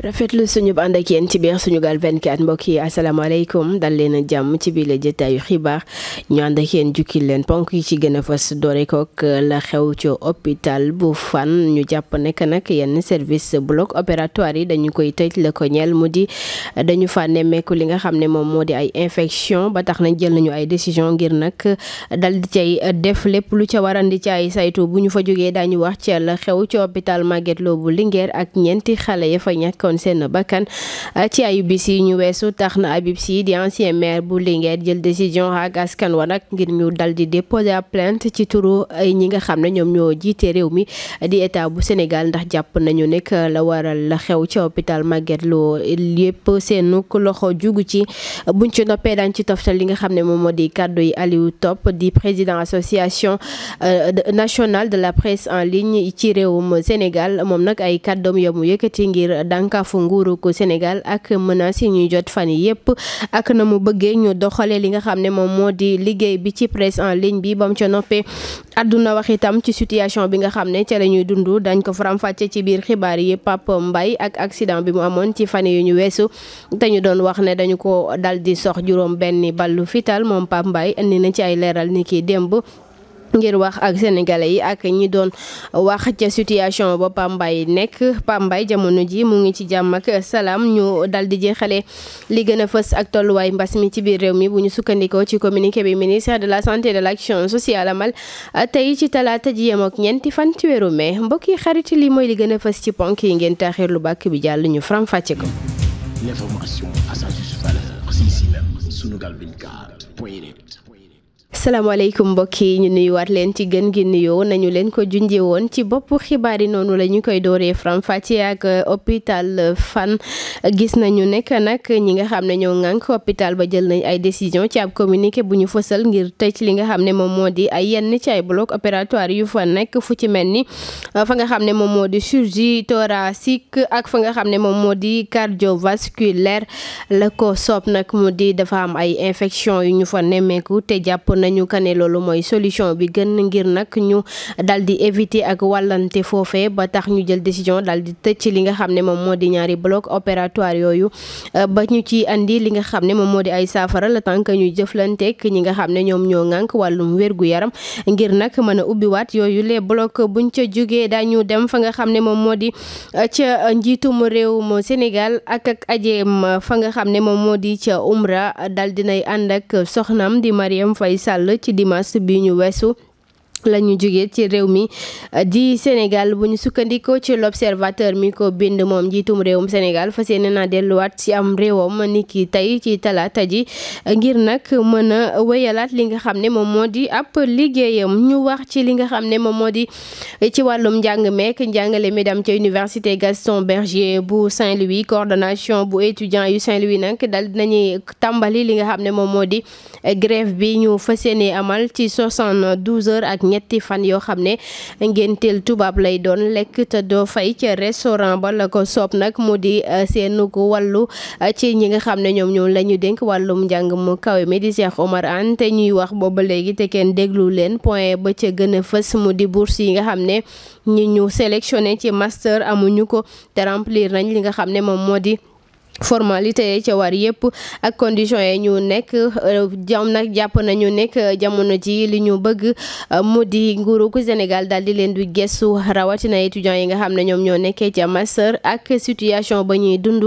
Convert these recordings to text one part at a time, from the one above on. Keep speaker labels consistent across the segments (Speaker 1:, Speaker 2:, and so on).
Speaker 1: rafetlu suñu ànd ak yéen ci biir Sunugal 24 mbokk yi asalaamaaleykum dal leen a jàmm ci biir la jotaayu xibaar ñu ànd ak yéen jukkil leen ponk yi ci gën a fas doore kook la xew ci hôpital bu Fann ñu jàpp nekk nag yenn service bloc opératoire yi dañu koy tëj la ko ñel mu di dañu fa nemmeeku li nga xam ne moom moo di ay infection ba tax nañ jël nañu ay décision ngir nag dal di cay def lépp lu ca warandi ci ay saytu bu ñu fa jógee daañu wax ci la xew ci hôpital Magatte Lô bu Linguère ak ñeenti xale ya ñàkkoon seen bakkan ah, ci ayu yi ñu weesu tax na Habib Sy di ancien maire bu Linguère jël décision ak askan wa nag ngir ñu dal di déposer plainte ci turu ah, ñi nga xam ne ñoom ñoo jiite réew mi di état bu Sénégal ndax jàpp nañu nekk la waral la xew ci hôpital Magatte Lô yépp seen loxo jugu ci buñ ci noppee daan ci toftal li nga xam ne moom moo di kàddu yi Aliou Top di président association ah, nationale de la presse en ligne ci réewum Sénégal moom nag ay kàddoom dànkaafu nguurug Sénégal ak menaces yi ñuy jot fan yi yëpp ak na mu bëggee ñu doxalee li nga xam ne moom moo di liggéey bi ci presse en ligne bi ba mu ca noppee àdduna wax itam ci situation bi nga xam ne ca la ñuy dund dañ ko faram ci biir xibaar yi Pape mbay ak accident bi mu amoon ci fan yu ñu weesu te ñu doon wax ne dañu ko dal di sox juróom benn ballu fital moom Pape mbay indi na ci ay leeral ni kii démb ngir wax ak sénégalais yi ak ñi doon wax ca situation ba Pambay nekk Pambay jamono ji mu ngi ci jàmm ak salaam ñu dal di jeexale li gën a fës ak tolluwaay mbas mi ci biir réew mi bu ñu sukkandikoo ci communiqué bi ministère de la santé de l' action sociale amal tey ci talaata ji yem ak ñeenti fan ci weeru mai mbokk yi xarit li mooy li gën a fës ci ponk yi ngeen taaxir lu bàkk bi jàll ñu faram fàcce ko. salaamaaleykum mbokk yi ñu nuyuwaat leen ci gën gi nuyoo nañu leen ko junjee woon ci bopp xibaar yi noonu la ñu koy dooree Faram Facce ak euh, hôpital euh, fan gis nañu nekk nag ñi nga xam ne ñoo ŋànk hôpital ba jël nañ ay décision ci ab communiqué bu ñu fësal ngir ci li nga xam ne moom moo di ay yenn ci ay bloc opératoire yu fa nekk fu ci mel ni euh, fa nga xam ne moom moo di chirurgie thoracique ak fa nga xam ne moom moo di cardiovasculaire la ko soob nag mu di dafa am ay infection yu ñu fa nemmeeku te jàpp na nañu kane loolu mooy solution bi gën ngir nag ñu daal di éviter ak wàllante foofe ba tax ñu jël décision daal di tëj li nga xam ne moom moo di ñaari bloc opératoire yooyu euh, ba ñu ci andi li nga xam ne moom moo di ay saafara la tànk que ñuy jëflanteek ñi nga xam ne ñoom ñoo ngànk wàllum wérgu yaram ngir nag mën a ubbiwaat yooyu les bloc buñ ca jógee dañu dem fa nga xam ne moom moo di euh, ca euh, réew réewum Sénégal ak ak ajeem fa nga xam ne moom moo di ca Umra daldi dinay ànd ak soxnaam di Mariam Faye Sall jàll ci dimanche bi ñu weesu lañu jóge ci réew mi di Sénégal bu ñu sukkandikoo ci l'observateur mi ko bind moom njiitum réew réewum Sénégal fas yéene naa delluwaat ci am réewam ni ki tey ci talaata ji ngir nag mën a wéyalaat li nga xam ne moom moo di app liggéeyam ñu wax ci li nga xam ne moom moo di ci wàllum njàng meek njàngale mi ci ca université Gaston Berger bu Saint-Louis coordination bu étudiant yu Saint-Louis nag dal dinañuy tàmbali li nga xam ne moom moo di grève bi ñu fas ñetti fan yoo xam ne ngénteel tubaab lay doon lekk te doo fay ca restaurant ba la ko soob nag mu di euh, seenu ko wàllu euh, ci ñi nga xam ne ñoom ñoom la ñu dénk wàllum njàng mu kawe mi di Cheikh Omar te ñuy wax booba léegi te kenn déglu leen point ba ca gën a fës mu di bourse yi nga xam ne ñi ñu sélectionné ci master amuñu ko te remplir nañ li nga xam ne moom moo di formalité yi ca war yëpp ak conditions yi ñu nekk euh, jam nag jàpp nañu nekk jamono ji li ñu bëgg euh, mu di nguuru ku Sénégal daal di leen di gëstu rawatina étudiants yi nga xam ne ñoom ñoo nekkee ca master ak situation ba ñuy dund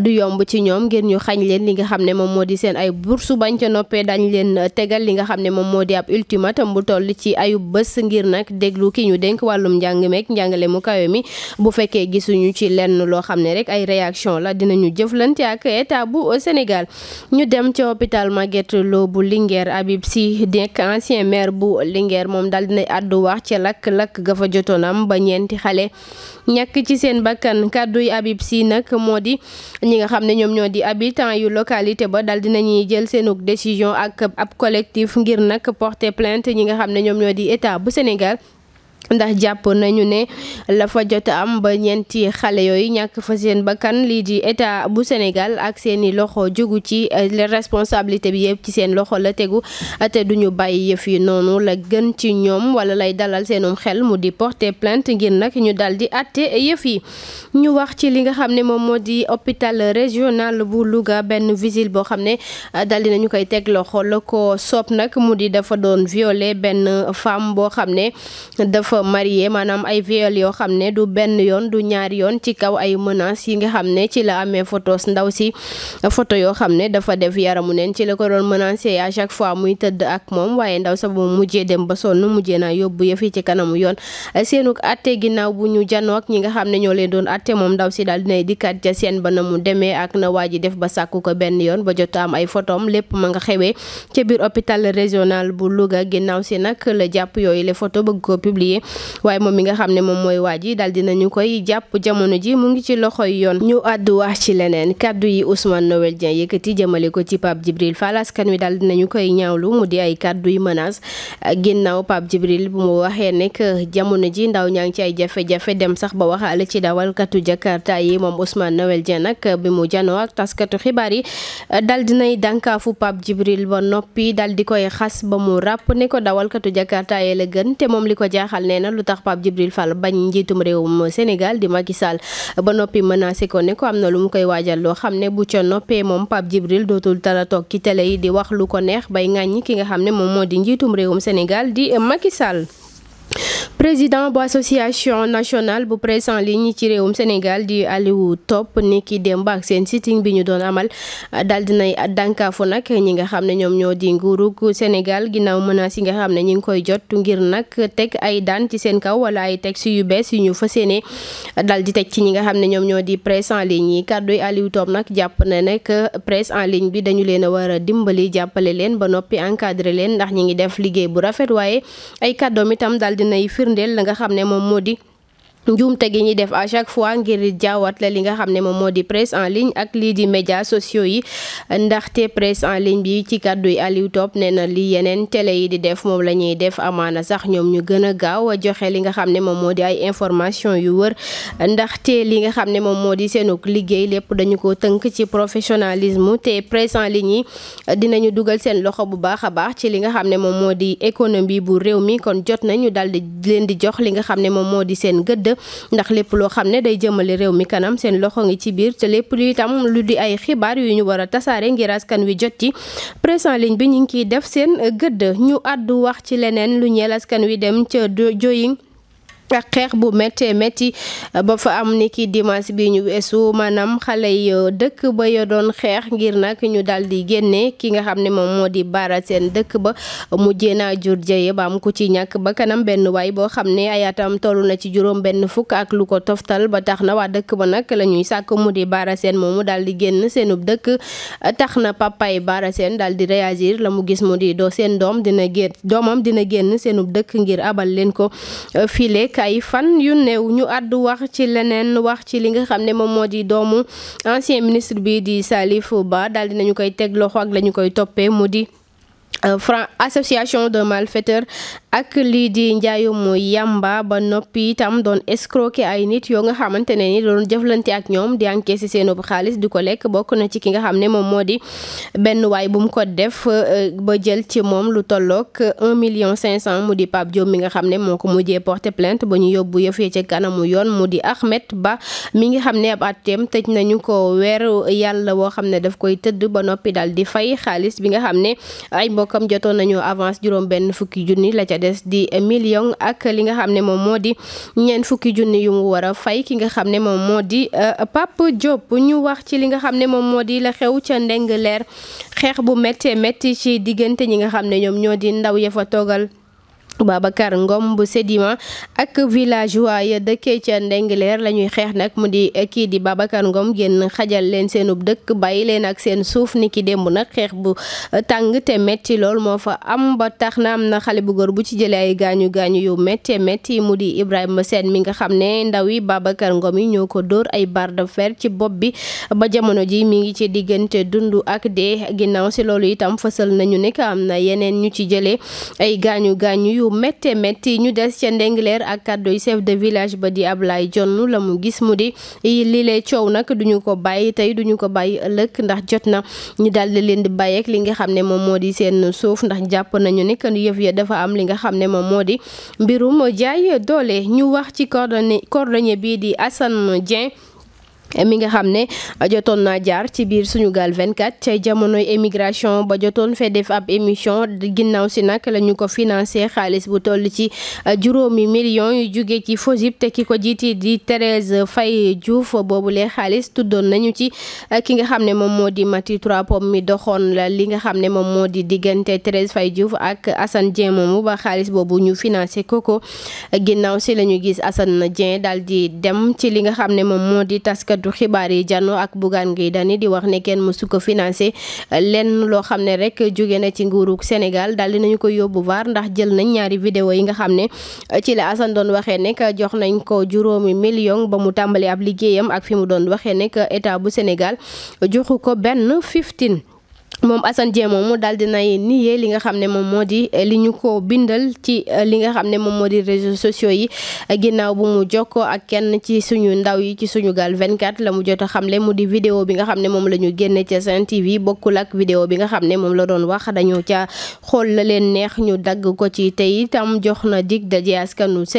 Speaker 1: du yomb ci ñoom ngir ñu xañ leen li nga xam ne moom moo di seen ay bourse bañ ca noppee dañ leen tegal li nga xam ne moom moo di ab ultimatum bu toll ci ayu bës ngir nag déglu ki ñu dénk wàllum njàng meek njàngale mu kawe mi bu fekkee gisuñu ci lenn loo xam ne rek ay réaction la jëflante ak état bu Sénégal ñu dem ci hôpital Magatte Lô bu Linguère Habib Sy nekk ancien maire bu Linguère moom daal dina àddu wax ci lakk-lakk gafa fa jotoon ba ñeenti xale ñàkk ci seen bakkan kàdduy Habib si nag moo di ñi nga xam ne ñoom ñoo di habitants yu localité ba dal daal ñuy jël seen seenug décision ak ab collectif ngir nag porter plainte ñi nga xam ne ñoom ñoo di état bu Sénégal ndax jàpp nañu ne la fa jot am ba ñeenti xale yooyu ñàkk fa seen bakkan lii di état bu Sénégal ak seen i loxo jógu ci responsabilité bi yëpp ci seen loxo la tegu te duñu bàyyi yëf yi noonu la gën ci ñoom wala lay dalal seenum xel mu di porter plant ngir nag ñu dal di àtte yëf yi. ñu wax ci li nga xam ne moom moo di hôpital régional bu Louga benn vigile boo xam ne dal di nañu koy teg loxo la ko soob nag mu di dafa doon violer benn femme boo xam ne dafa dafa marié maanaam ay viol yoo xam ne du benn yoon du ñaari yoon ci kaw ay menaces yi nga xam ne ci la amee photos ndaw si photo yoo xam ne dafa def yaramu neen ci la ko doon menacé à chaque fois muy tëdd ak moom waaye ndaw sa bu mujjee dem ba sonn mujjee naa yóbbu yëf yi ci kanamu yoon seenuk atte ginnaaw bu ñu janook ñi nga xam ne ñoo leen doon atte moom ndaw si daal dinay dikkaat ca seen ba na mu demee ak na waa ji def ba sàkku ko benn yoon ba jot am ay photom lépp ma nga xewee ca biir hôpital régional bu Louga ginnaaw si nag la jàpp yooyu les photo bëgg publier waaye moom mi nga xam ne moom mooy waa ji daal dinañu koy jàpp jamono ji mu ngi ci loxoy yoon ñu àddu wax ci leneen kàddu yi Ousmane Noël Dieng yi jëmale ko ci Pape Djibril Fall askan wi daal dinañu koy ñaawlu mu di ay kàddu yu menace ginnaaw Pape Djibril bu mu waxee nekk jamono ji ndaw ñaa ngi ci jafe-jafe dem sax ba waxaale ci dawalkatu Jakarta yi moom Ousmane Noël Dieng nag bi mu janoo ak taskatu xibaar yi dal dinay dànkaafu Pape Djibril ba noppi dal di koy xas ba mu ràpp ne dawalkatu Jakarta gën moom li ko jaaxal nee na lu tax Pape Djibril Fall bañ njiitum réewum Sénégal di Macky saal ba noppi menacé ko ne am na lu mu koy waajal loo xam ne bu ca noppee moom Pape Djibril dootul tala toog ci télé yi di wax lu ko neex bay ŋàññi ki nga xam ne moom moo di njiitum réewum Sénégal di Macky saal président bu association nationale bu presse en ligne ci réewum Sénégal di Aliou topp ni ki démb ak seen sitting bi ñu doon amal daal dinay dànkaafu nag ñi nga xam ne ñoom ñoo di nguurug Sénégal ginnaaw menaces yi nga xam ne ñi ngi koy jot ngir nag teg ay daan ci seen kaw wala ay si yu bees yu ñu fas yéene daal di teg ci ñi nga xam ne ñoom ñoo di presse en ligne yi kàddu Aliou Top nag jàpp na ne que presse en ligne bi dañu leen a war a dimbali jàppale leen ba noppi encadré leen ndax ñi ngi def liggéey bu rafet firndeel la nga xam ne moom moo di njuumte gi ñuy def à chaque fois ngir jaawat la li nga xam ne moom moo di presse en ligne ak lii di médias sociaux yi ndaxte presse en ligne bi ci kàddu yi Aliou Top nee na li yeneen tele yi di def moom la ñuy def amaana sax ñoom ñu gën a gaaw joxe li nga xam ne moom moo di ay information yu wër ndaxte li nga xam ne moom moo di seenuk liggéey lépp dañu ko tënk ci professionnalisme te presse en ligne yi dinañu dugal seen loxo bu baax a baax ci li nga xam ne moom moo di économie bu réew mi kon jot nañu daal di leen di jox li nga xam ne moom moo di seen gëdd ndax lépp loo xam ne day jëmale réew mi kanam seen loxo ngi ci biir te lépp lu itam lu di ay xibaar yu ñu war a tasaare ngir askan wi jot ci presse en bi ñu ngi kiy def seen gëdd ñu àddu wax ci leneen lu ñeel askan wi dem ca joyin ak xeex bu méttee métti euh, ba fa am ni ki dimanche bi ñu weesu maanaam xale yi euh, dëkk ba ya doon xeex ngir nag ñu daal di génne ki nga xam ne moom moo di baara seen dëkk ba euh, mujjee naa jur jëye ba am ci ñàkk ba kanam benn waay boo xam ne ayaatam toll na ci juróom benn fukk ak lu ko toftal ba tax na waa dëkk ba nag la ñuy sàkk mu di baara seen moomu daal di génn seenub dëkk tax na papaay baara seen daal di réagir la mu gis mu di doo seen doom dina génn doomam dina génn seenub dëkk ngir abal leen ko filek ay fan yu néew ñu àddu wax ci leneen wax ci li nga xam ne moom moo di doomu ancien ministre bi di Salif Ba daal dinañu koy teg loxo ak la ñu koy toppe mu di Euh, fra association de malfaiteurs ak lii di njaayum yàmba ba noppi itam doon escroquer ay nit yoo nga xamante ne ni doon jëflante ak ñoom di encaisser seen xaalis di ko lekk bokk na ci ki nga xam ne moom moo di benn waay bu mu ko def euh, ba jël ci moom lu tollook un million cinq cent mu di Pape Diop mi nga xam ne moo ko mujjee porter plainte ba ñu yóbbu yëf yi ca kanamu yoon mu di Ahmed Ba mi ngi xam ne ab àtteem tëj nañu ko weer yàlla woo xam ne daf koy tëdd ba noppi daal di fay xaalis bi nga xam ne ay mbokk comme jotoon nañu avance juróom benn fukki junni la ca des di million ak li nga xam ne moom moo di ñeent fukki junni yu mu war a fay ki nga xam ne moom moo di euh, Pape Diop ñu wax ci li nga xam ne moom moo di la xew ca leer xeex bu méttee métti ci diggante ñi nga xam ne ñoom ñoo di ndaw ya fa toogal Babacar ngoom bu Sedima ak villageois ya dëkkee ca Ndengleer la ñuy xeex nag mu di eh, kii di Babacar Ngom génn xajal leen seenub dëkk bàyyi leen ak seen suuf ni ki démb nag xeex bu eh, tàng te métti lool moo fa am ba tax na am na xale bu góor bu ci jëlee ay gaañu gaañu yu métti métti mu di Ibrahima Sène mi nga xam ne ndaw yi Babacar yi ñoo ko dóor ay barre de fer ci bopp bi ba jamono ji mi ngi ci diggante dund ak dee ginnaaw si loolu itam fësal nañu ne am na yeneen ñu ci jëlee yu méttee métti ñu des ca Ndingler ak kàddu chef de village ba di lay Jonn la mu gis mu di lii lay coow nag duñu ko bàyyi tey duñu ko bàyyi ëllëg ndax jot na ñu daal di leen di bàyyi ak li nga xam ne moom moo di seen suuf ndax jàpp nañu ne que yëf ya dafa am li nga xam ne moom moo di mbirum jaay doole ñu wax ci coordonné coordonné bii di Assane Dieng mi nga xam ne jotoon naa jaar ci biir Sunugal 24 ca jamonoy émigration ba jotoon fee def ab émission ginnaaw si nag lañu ko financé xaalis bu toll ci euh, juróomi millions yu jugee ci FOSIP te ki ko jiiti di fay Faye boobu boobulee xaalis tuddoon nañu ci euh, ki nga xam ne moom moo di Mati Trois Pommes mi doxoon la li nga xam ne moom moo di diggante Thérèse fay Diouf ak asan Dieng moom ba xaalis boobu ñu financé koko ginnaaw si la ñu gis Assane Dieng daal di dem taskatu xibaar yi janoo ak Bougane Gueye Dany di wax ne kenn mësu ko financé euh, lenn loo xam ne rek jóge na ci nguurug Sénégal daal di nañu ko yóbbu vaar ndax jël nañ ñaari vidéo yi nga xam ne euh, ci la Assane doon waxee nekk jox nañ ko juróomi million ba mu tàmbali ab liggéeyam ak fi mu doon waxee nekk état bu Sénégal euh, joxu ko benn moom Assane Dieng moomu daal dinay niye li nga xam ne moom moo di eh, li ñu ko bindal ci eh, li nga xam ne moom moo di réseaux sociaux yi eh, ginnaaw bu mu jokkoo ak kenn ci suñu ndaw yi ci suñu gaal 24 la mu jot a xamle mu di vidéo bi nga xam ne moom la ñu génne ca Sen bokkul ak vidéo bi nga xam ne moom la doon wax dañoo ca xool la leen neex ñu dagg ko ci tey itam jox na dig daje askanu